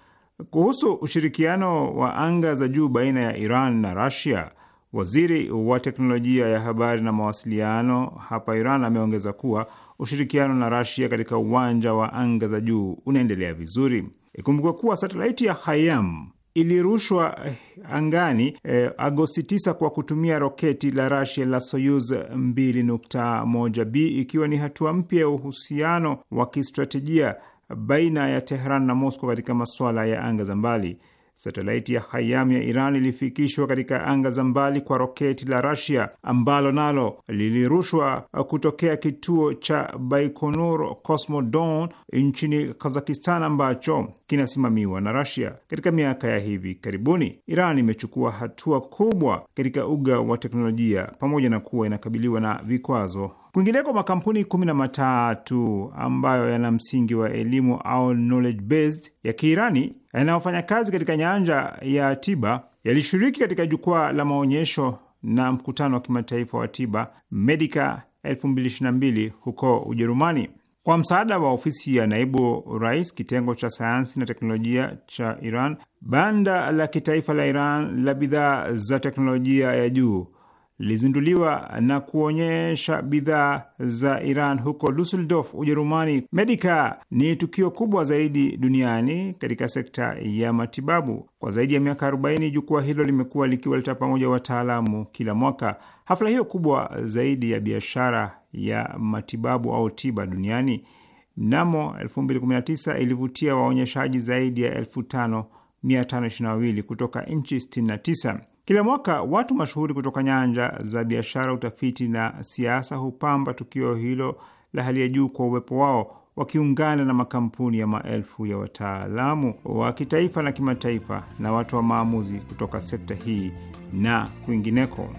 Kuhusu ushirikiano wa anga za juu baina ya Iran na rasia waziri wa teknolojia ya habari na mawasiliano hapa Iran ameongeza kuwa ushirikiano na Rasia katika uwanja wa anga za juu unaendelea vizuri. Ikumbukwe kuwa satelaiti ya Hayam ilirushwa eh, angani eh, Agosti 9 kwa kutumia roketi la Rasia la Soyuz 2.1b ikiwa ni hatua mpya ya uhusiano wa kistratejia baina ya Tehran na Moscow katika masuala ya anga za mbali. Satelaiti ya Hayam ya Iran ilifikishwa katika anga za mbali kwa roketi la Rasia ambalo nalo lilirushwa kutokea kituo cha Baikonur Cosmodrome nchini Kazakistan ambacho kinasimamiwa na Rasia. Katika miaka ya hivi karibuni, Iran imechukua hatua kubwa katika uga wa teknolojia pamoja na kuwa inakabiliwa na vikwazo Kwingineko, makampuni kumi na matatu ambayo yana msingi wa elimu au knowledge based ya Kiirani yanayofanya kazi katika nyanja ya tiba yalishiriki katika jukwaa la maonyesho na mkutano wa kimataifa wa tiba Medica 2022 huko Ujerumani kwa msaada wa ofisi ya naibu rais, kitengo cha sayansi na teknolojia cha Iran, banda la kitaifa la Iran la bidhaa za teknolojia ya juu lilizinduliwa na kuonyesha bidhaa za Iran huko Dusseldorf, Ujerumani. Medica ni tukio kubwa zaidi duniani katika sekta ya matibabu. Kwa zaidi ya miaka 40 jukwaa hilo limekuwa likiwaleta pamoja wataalamu kila mwaka. Hafla hiyo kubwa zaidi ya biashara ya matibabu au tiba duniani mnamo 2019 ilivutia waonyeshaji zaidi ya 5522 kutoka nchi 69. Kila mwaka watu mashuhuri kutoka nyanja za biashara, utafiti na siasa hupamba tukio hilo la hali ya juu kwa uwepo wao wakiungana na makampuni ya maelfu ya wataalamu wa kitaifa na kimataifa na watu wa maamuzi kutoka sekta hii na kwingineko.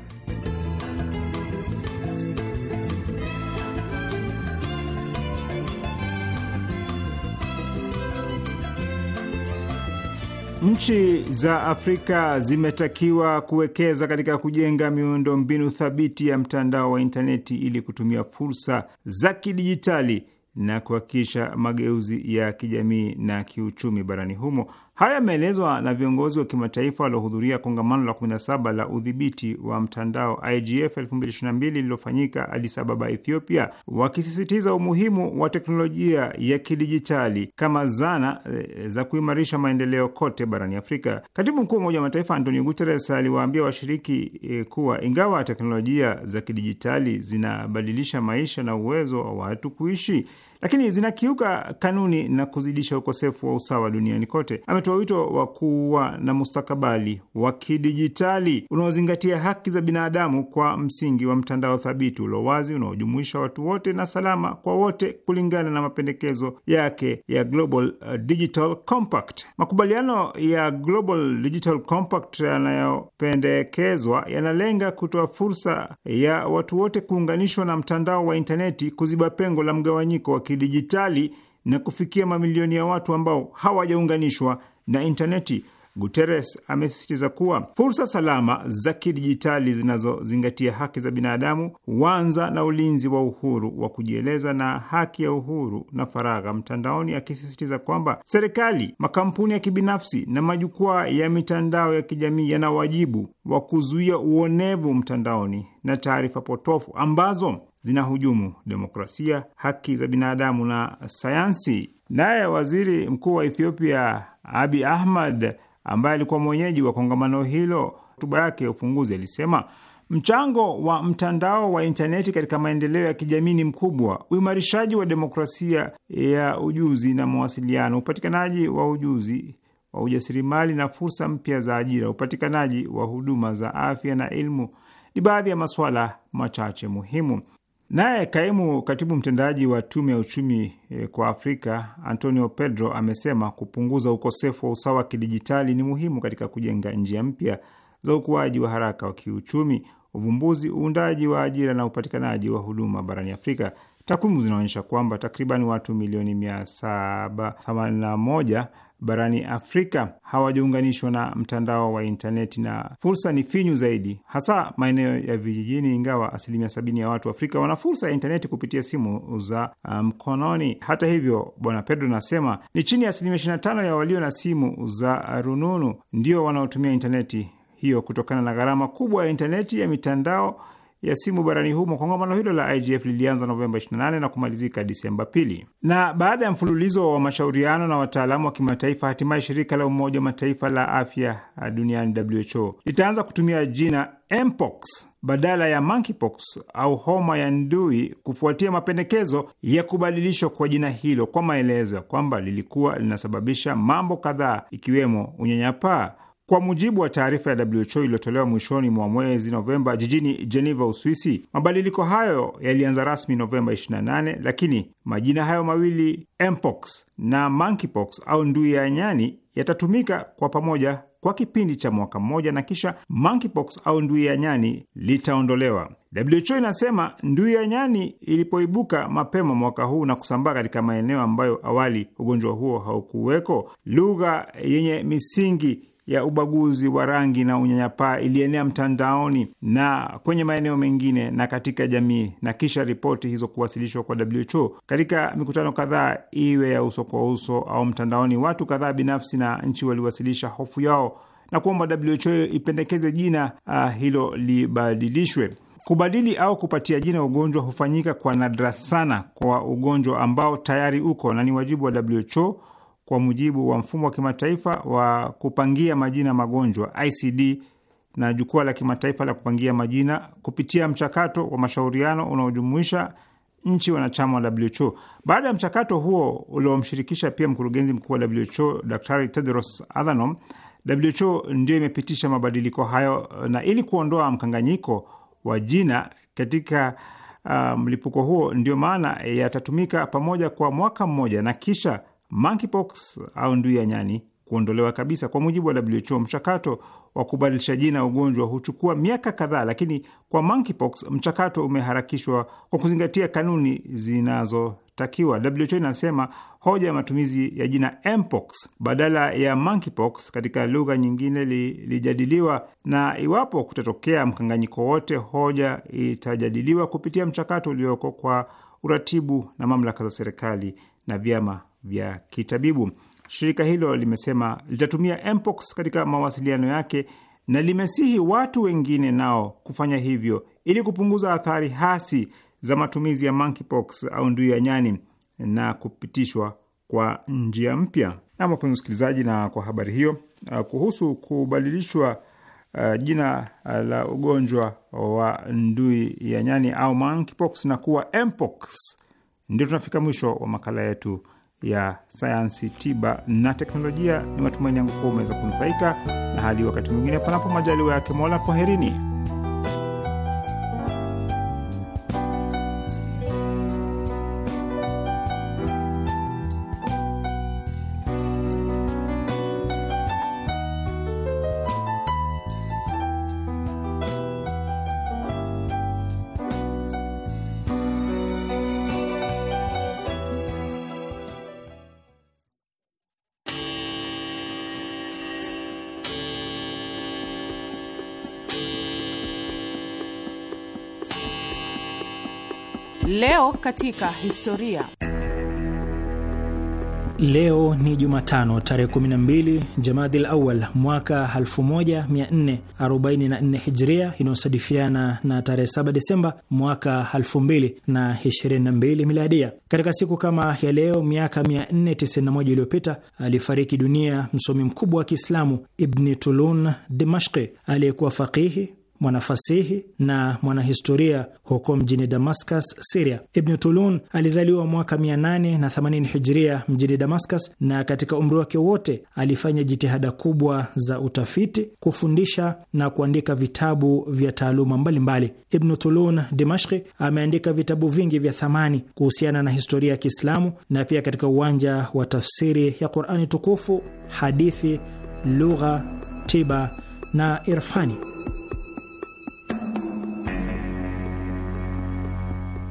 Nchi za Afrika zimetakiwa kuwekeza katika kujenga miundombinu thabiti ya mtandao wa intaneti ili kutumia fursa za kidijitali na kuhakikisha mageuzi ya kijamii na kiuchumi barani humo. Haya yameelezwa na viongozi wa kimataifa waliohudhuria kongamano la 17 la udhibiti wa mtandao IGF 2022 lililofanyika Addis Ababa, Ethiopia, wakisisitiza umuhimu wa teknolojia ya kidijitali kama zana eh, za kuimarisha maendeleo kote barani Afrika. Katibu mkuu wa Umoja wa Mataifa Antonio Guterres aliwaambia washiriki eh, kuwa ingawa teknolojia za kidijitali zinabadilisha maisha na uwezo wa watu kuishi lakini zinakiuka kanuni na kuzidisha ukosefu wa usawa duniani kote. Ametoa wito wa kuwa na mustakabali wa kidijitali unaozingatia haki za binadamu kwa msingi wa mtandao thabiti ulio wazi, unaojumuisha watu wote na salama kwa wote, kulingana na mapendekezo yake ya Global Digital Compact. Makubaliano ya Global Digital Compact yanayopendekezwa yanalenga kutoa fursa ya watu wote kuunganishwa na mtandao wa intaneti, kuziba pengo la mgawanyiko wa kidijitali na kufikia mamilioni ya watu ambao hawajaunganishwa na intaneti. Guterres amesisitiza kuwa fursa salama za kidijitali zinazozingatia haki za binadamu huanza na ulinzi wa uhuru wa kujieleza na haki ya uhuru na faragha mtandaoni, akisisitiza kwamba serikali, makampuni ya kibinafsi na majukwaa ya mitandao ya kijamii yana wajibu wa kuzuia uonevu mtandaoni na taarifa potofu ambazo zinahujumu demokrasia, haki za binadamu na sayansi. Naye waziri mkuu wa Ethiopia Abi Ahmad, ambaye alikuwa mwenyeji wa kongamano hilo, hotuba yake ya ufunguzi alisema mchango wa mtandao wa intaneti katika maendeleo ya kijamii ni mkubwa: uimarishaji wa demokrasia ya ujuzi na mawasiliano, upatikanaji wa ujuzi wa ujasiriamali na fursa mpya za ajira, upatikanaji wa huduma za afya na elimu ni baadhi ya masuala machache muhimu. Naye kaimu katibu mtendaji wa tume ya uchumi eh, kwa Afrika Antonio Pedro amesema kupunguza ukosefu wa usawa wa kidijitali ni muhimu katika kujenga njia mpya za ukuaji wa haraka wa kiuchumi, uvumbuzi, uundaji wa ajira na upatikanaji wa huduma barani Afrika. Takwimu zinaonyesha kwamba takriban watu milioni 781 barani Afrika hawajaunganishwa na mtandao wa intaneti na fursa ni finyu zaidi, hasa maeneo ya vijijini, ingawa asilimia sabini ya watu Afrika wana fursa ya intaneti kupitia simu za uh, mkononi. Um, hata hivyo, Bwana Pedro anasema ni chini ya asilimia ishirini na tano ya walio na simu za rununu ndio wanaotumia intaneti hiyo kutokana na gharama kubwa ya intaneti ya mitandao ya simu barani humo. Kongamano hilo la IGF lilianza Novemba 28 na kumalizika Disemba 2. Na baada ya mfululizo wa mashauriano na wataalamu wa kimataifa, hatimaye shirika la Umoja wa Mataifa la afya duniani WHO litaanza kutumia jina mpox badala ya monkeypox au homa ya ndui kufuatia mapendekezo ya kubadilishwa kwa jina hilo kwa maelezo ya kwamba lilikuwa linasababisha mambo kadhaa ikiwemo unyanyapaa. Kwa mujibu wa taarifa ya WHO iliyotolewa mwishoni mwa mwezi Novemba jijini Geneva, Uswisi, mabadiliko hayo yalianza rasmi Novemba 28, lakini majina hayo mawili mpox na monkeypox au ndui ya nyani yatatumika kwa pamoja kwa kipindi cha mwaka mmoja na kisha monkeypox au ndui ya nyani litaondolewa. WHO inasema ndui ya nyani ilipoibuka mapema mwaka huu na kusambaa katika maeneo ambayo awali ugonjwa huo haukuweko, lugha yenye misingi ya ubaguzi wa rangi na unyanyapaa ilienea mtandaoni na kwenye maeneo mengine na katika jamii, na kisha ripoti hizo kuwasilishwa kwa WHO katika mikutano kadhaa, iwe ya uso kwa uso au mtandaoni. Watu kadhaa binafsi na nchi waliwasilisha hofu yao na kuomba WHO ipendekeze jina uh, hilo libadilishwe. Kubadili au kupatia jina ugonjwa hufanyika kwa nadra sana kwa ugonjwa ambao tayari uko na ni wajibu wa WHO kwa mujibu wa mfumo wa kimataifa wa kupangia majina magonjwa ICD na jukwaa la kimataifa la kupangia majina kupitia mchakato wa mashauriano unaojumuisha nchi wanachama wa WHO. Baada ya mchakato huo uliomshirikisha pia mkurugenzi mkuu wa WHO Daktari Tedros Adhanom, WHO ndio imepitisha mabadiliko hayo na ili kuondoa mkanganyiko wa jina katika uh, mlipuko um, huo, ndio maana yatatumika pamoja kwa mwaka mmoja na kisha monkeypox au ndui ya nyani kuondolewa kabisa. Kwa mujibu wa WHO, mchakato wa kubadilisha jina ugonjwa huchukua miaka kadhaa, lakini kwa monkeypox mchakato umeharakishwa kwa kuzingatia kanuni zinazotakiwa. WHO inasema hoja ya matumizi ya jina mpox badala ya monkeypox katika lugha nyingine lilijadiliwa, na iwapo kutatokea mkanganyiko wote, hoja itajadiliwa kupitia mchakato ulioko kwa uratibu na mamlaka za serikali na vyama vya kitabibu. Shirika hilo limesema litatumia mpox katika mawasiliano yake na limesihi watu wengine nao kufanya hivyo ili kupunguza athari hasi za matumizi ya monkeypox au ndui ya nyani na kupitishwa kwa njia mpya. Na wapenzi msikilizaji, na kwa habari hiyo uh, kuhusu kubadilishwa uh, jina uh, la ugonjwa wa ndui ya nyani au monkeypox na kuwa mpox, ndio tunafika mwisho wa makala yetu ya sayansi, tiba na teknolojia. Ni matumaini yangu kuwa umeweza kunufaika, na hadi wakati mwingine, panapo majaliwa yake Mola, kwaherini. katika historia. Leo ni Jumatano tarehe 12 Jamadil Awal mwaka 1444 Hijria, inayosadifiana na tarehe 7 Desemba mwaka 2022 Miladia. Katika siku kama ya leo miaka 491 iliyopita alifariki dunia msomi mkubwa wa Kiislamu Ibni Tulun Dimashqi aliyekuwa faqihi mwanafasihi na mwanahistoria huko mjini Damascus, Siria. Ibn Tulun alizaliwa mwaka 880 hijria mjini Damascus, na katika umri wake wote alifanya jitihada kubwa za utafiti, kufundisha na kuandika vitabu vya taaluma mbalimbali. Ibn Tulun Dimashki ameandika vitabu vingi vya thamani kuhusiana na historia ya Kiislamu na pia katika uwanja wa tafsiri ya Qurani tukufu, hadithi, lugha, tiba na irfani.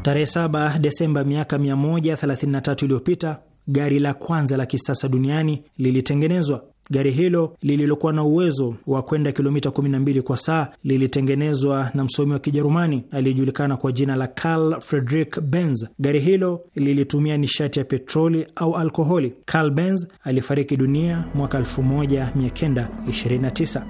Tarehe 7 Desemba miaka 133 iliyopita gari la kwanza la kisasa duniani lilitengenezwa. Gari hilo lililokuwa na uwezo wa kwenda kilomita 12 kwa saa lilitengenezwa na msomi wa Kijerumani aliyejulikana kwa jina la Carl Friedrich Benz. Gari hilo lilitumia nishati ya petroli au alkoholi. Carl Benz alifariki dunia mwaka 1929.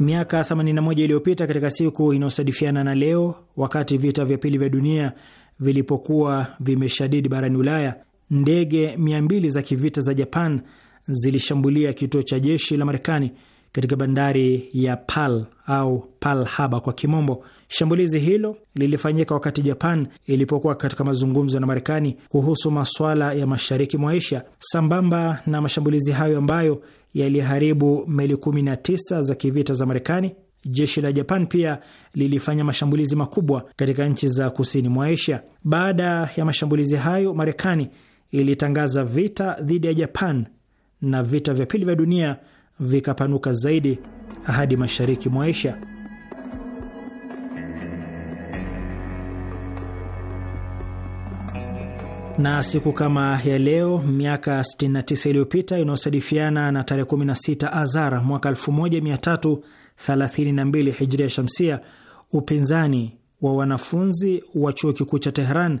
Miaka 81 iliyopita katika siku inayosadifiana na leo, wakati vita vya pili vya dunia vilipokuwa vimeshadidi barani Ulaya, ndege 200 za kivita za Japan zilishambulia kituo cha jeshi la Marekani katika bandari ya Pearl au Pearl Harbor kwa kimombo. Shambulizi hilo lilifanyika wakati Japan ilipokuwa katika mazungumzo na Marekani kuhusu maswala ya mashariki mwa Asia. Sambamba na mashambulizi hayo ambayo yaliharibu meli 19 za kivita za Marekani. Jeshi la Japan pia lilifanya mashambulizi makubwa katika nchi za kusini mwa Asia. Baada ya mashambulizi hayo, Marekani ilitangaza vita dhidi ya Japan na vita vya pili vya dunia vikapanuka zaidi hadi mashariki mwa Asia. na siku kama ya leo miaka 69 iliyopita inayosadifiana na tarehe 16 Azar mwaka 1332 Hijria Shamsia, upinzani wa wanafunzi wa chuo kikuu cha Tehran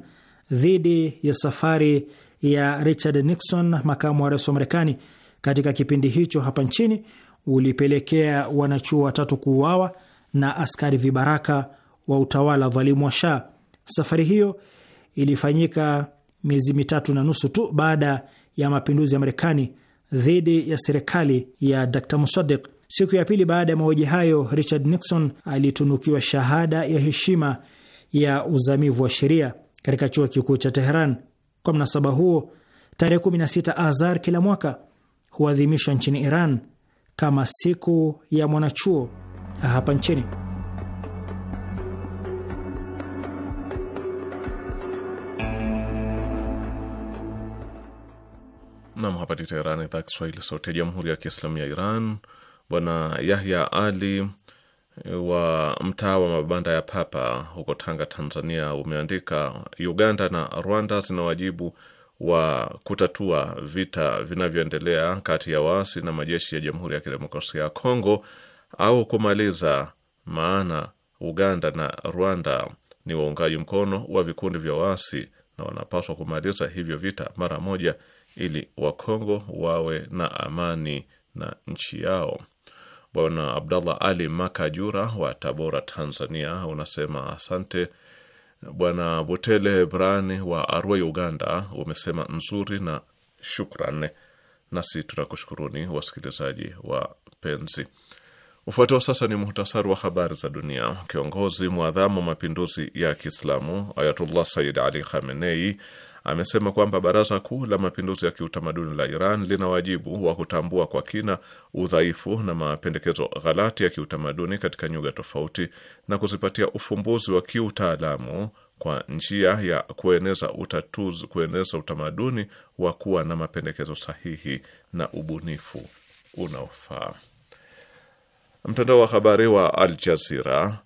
dhidi ya safari ya Richard Nixon, makamu wa rais wa Marekani, katika kipindi hicho hapa nchini ulipelekea wanachuo watatu kuuawa na askari vibaraka wa utawala dhalimu wa Shah. Safari hiyo ilifanyika miezi mitatu na nusu tu baada ya mapinduzi ya Marekani dhidi ya serikali ya Dr Musadik. Siku ya pili baada ya mauaji hayo, Richard Nixon alitunukiwa shahada ya heshima ya uzamivu wa sheria katika chuo kikuu cha Teheran. Kwa mnasaba huo, tarehe 16 Azar kila mwaka huadhimishwa nchini Iran kama siku ya mwanachuo hapa nchini. Nam, hapa ni Teherani, idhaa Kiswahili, sauti ya jamhuri ya kiislamu ya Iran. Bwana Yahya Ali eh, wa mtaa wa mabanda ya Papa huko Tanga, Tanzania, umeandika Uganda na Rwanda zina wajibu wa kutatua vita vinavyoendelea kati ya waasi na majeshi ya jamhuri ya kidemokrasia ya Kongo au kumaliza, maana Uganda na Rwanda ni waungaji mkono wa vikundi vya waasi na wanapaswa kumaliza hivyo vita mara moja ili Wakongo wawe na amani na nchi yao. Bwana Abdallah Ali Makajura wa Tabora, Tanzania, unasema asante. Bwana Butele Brani wa Arua, Uganda, umesema nzuri na shukran. Nasi tunakushukuruni wasikilizaji wa penzi Ufuatao sasa ni muhtasari wa habari za dunia. Kiongozi mwadhamu wa mapinduzi ya Kiislamu Ayatullah Sayyid Ali Khamenei amesema kwamba Baraza Kuu la Mapinduzi ya Kiutamaduni la Iran lina wajibu wa kutambua kwa kina udhaifu na mapendekezo ghalati ya kiutamaduni katika nyuga tofauti na kuzipatia ufumbuzi wa kiutaalamu kwa njia ya kueneza utatuzi, kueneza utamaduni wa kuwa na mapendekezo sahihi na ubunifu unaofaa. Mtandao wa habari wa Al Jazeera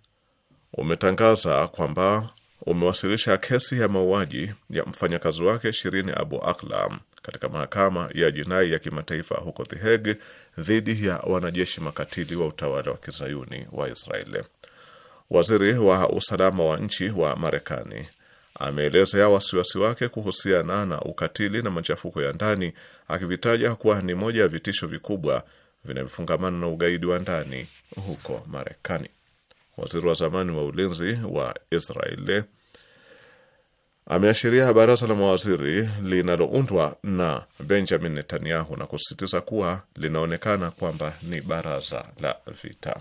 umetangaza kwamba umewasilisha kesi ya mauaji ya mfanyakazi wake shirini Abu Akla katika mahakama ya jinai ya kimataifa huko The Hague dhidi ya wanajeshi makatili wa utawala wa kizayuni wa Israeli. Waziri wa usalama wa nchi wa Marekani ameelezea wasiwasi wake kuhusiana na ukatili na machafuko ya ndani, akivitaja kuwa ni moja ya vitisho vikubwa vinavyofungamana na ugaidi wa ndani huko Marekani. Waziri wa zamani wa ulinzi wa Israeli ameashiria baraza la mawaziri linaloundwa na Benjamin Netanyahu na kusisitiza kuwa linaonekana kwamba ni baraza la vita